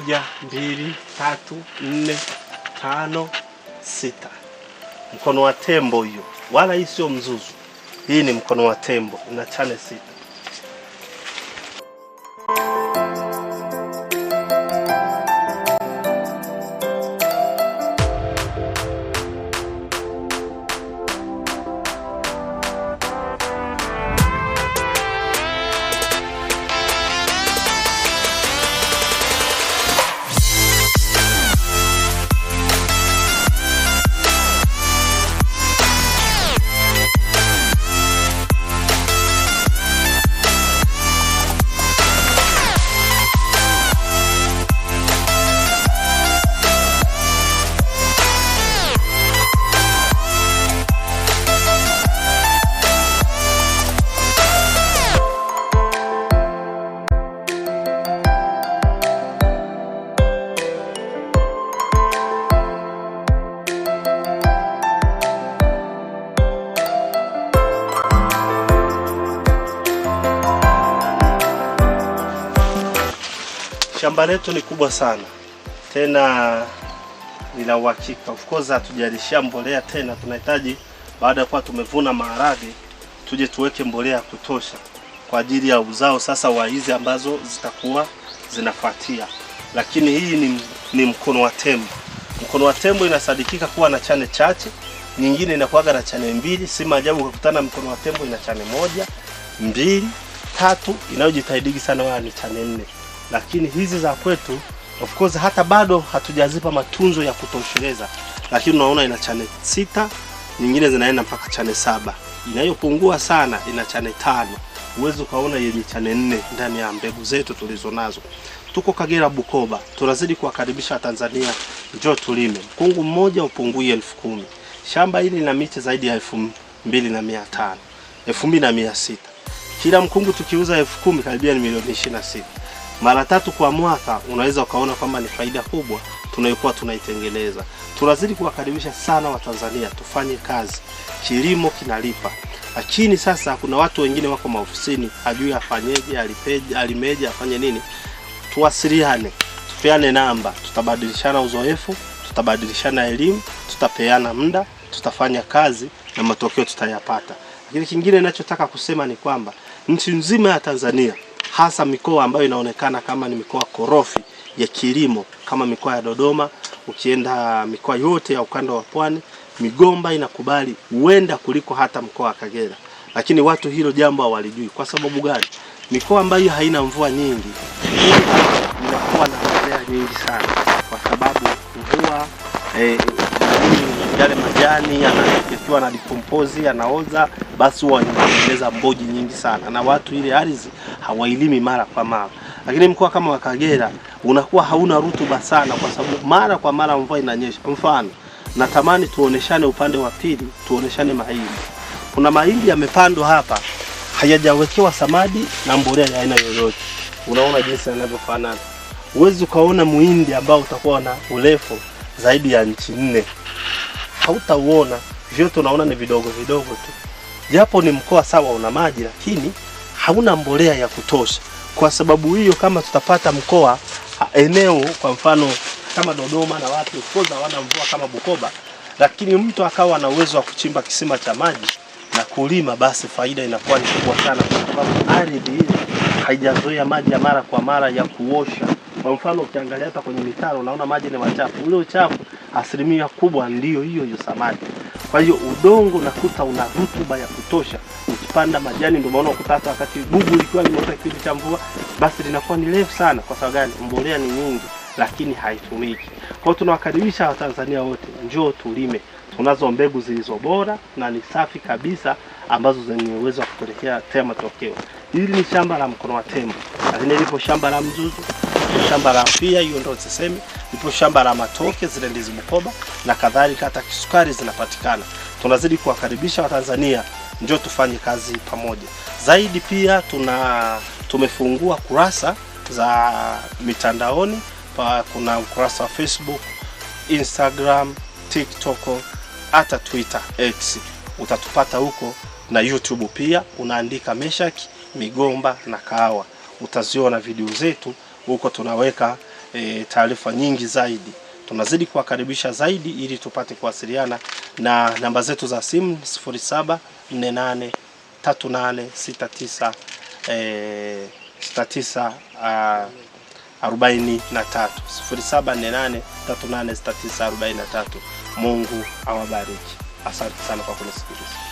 moja, mbili, tatu, nne, tano, sita. Mkono wa tembo hiyo, wala hii sio mzuzu, hii ni mkono wa tembo, ina sita. Shamba letu ni kubwa sana tena nina uhakika. Of course hatujalishia mbolea tena, tunahitaji baada ya kuwa tumevuna maharage tuje tuweke mbolea ya kutosha kwa ajili ya uzao sasa wa hizi ambazo zitakuwa zinafuatia. Lakini hii ni, ni mkono wa tembo. Mkono wa tembo inasadikika kuwa na chane chache, nyingine inakuaga na chane mbili. Si maajabu ukakutana mkono wa tembo ina chane moja, mbili, tatu. Inayojitahidi sana wao ni chane nne lakini hizi za kwetu of course hata bado hatujazipa matunzo ya kutosheleza, lakini unaona ina chane sita, nyingine zinaenda mpaka chane saba. Inayopungua sana ina chane tano, uwezo kaona yenye chane nne ndani ya mbegu zetu tulizonazo. Tuko Kagera, Bukoba, tunazidi kuwakaribisha Tanzania, njoo tulime. Mkungu mmoja upunguie elfu kumi. Shamba hili lina miche zaidi ya elfu mbili na mia tano elfu mbili na mia sita kila mkungu tukiuza elfu kumi karibia ni milioni ishirini na sita mara tatu kwa mwaka, unaweza ukaona kwamba ni faida kubwa tunayokuwa tunaitengeneza. Tunazidi kuwakaribisha sana Watanzania tufanye kazi, kilimo kinalipa. Lakini sasa kuna watu wengine wako maofisini, ajui afanyeje, alipeje, alimeje, afanye nini. Tuwasiliane, tupeane namba, tutabadilishana uzoefu, tutabadilishana elimu, tutapeana muda, tutafanya kazi na matokeo tutayapata. Lakini kingine ninachotaka kusema ni kwamba nchi nzima ya Tanzania hasa mikoa ambayo inaonekana kama ni mikoa korofi ya kilimo kama mikoa ya Dodoma. Ukienda mikoa yote ya ukanda wa Pwani, migomba inakubali huenda kuliko hata mkoa wa Kagera, lakini watu hilo jambo hawalijui. Kwa sababu gani? Mikoa ambayo haina mvua nyingi inakuwa na mbolea nyingi sana, kwa sababu mvua eh, eh yale majani yanakiwa na dikompozi yanaoza basi huwa wanatengeneza mboji nyingi sana, na watu ile ardhi hawailimi mara kwa mara. Lakini mkoa kama wa Kagera unakuwa hauna rutuba sana, kwa sababu mara kwa mara mvua inanyesha. Mfano, natamani tuoneshane upande wa pili, tuoneshane mahindi. Kuna mahindi yamepandwa hapa hayajawekewa samadi na mbolea ya aina yoyote, unaona jinsi yanavyofanana. Huwezi ukaona muhindi ambao utakuwa na urefu zaidi ya nchi nne, hautauona. Vyote unaona ni vidogo vidogo tu japo ni mkoa sawa una maji, lakini hauna mbolea ya kutosha. Kwa sababu hiyo, kama tutapata mkoa eneo, kwa mfano kama Dodoma na watu koza hawana mvua kama Bukoba, lakini mtu akawa na uwezo wa kuchimba kisima cha maji na kulima, basi faida inakuwa ni kubwa sana, kwa sababu ardhi hii haijazoea maji ya mara kwa mara ya kuosha. Kwa mfano ukiangalia hata kwenye mitaro unaona maji ni machafu, ule uchafu asilimia kubwa ndio hiyo hiyo samadi kwa hiyo udongo nakuta una rutuba ya kutosha ukipanda majani. Ndio maana ukuta hata wakati bugu likiwa limeota kipindi cha mvua, basi linakuwa ni refu sana. Kwa sababu gani? Mbolea ni nyingi lakini haitumiki. Kwa hiyo tunawakaribisha Watanzania wote, njoo tulime. Tunazo mbegu zilizo bora na ni safi kabisa ambazo zenye uwezo wa kupelekea matokeo. Hili ni shamba la mkono wa tembo, lakini lipo shamba la mzuzu shamba la pia, hiyo ndo sisemi, ipo shamba la matoke, zile ndizi Bukoba na kadhalika, hata kisukari zinapatikana. Tunazidi kuwakaribisha Watanzania, ndio tufanye kazi pamoja zaidi. Pia tuna tumefungua kurasa za mitandaoni pa, kuna ukurasa wa Facebook, Instagram, TikTok hata Twitter X utatupata huko, na YouTube pia unaandika Meshaki Migomba na Kahawa, utaziona video zetu huko tunaweka e, taarifa nyingi zaidi. Tunazidi kuwakaribisha zaidi ili tupate kuwasiliana na namba zetu za simu 07483869 e, 43 0748386943. Mungu awabariki. Asante sana kwa kunisikiliza.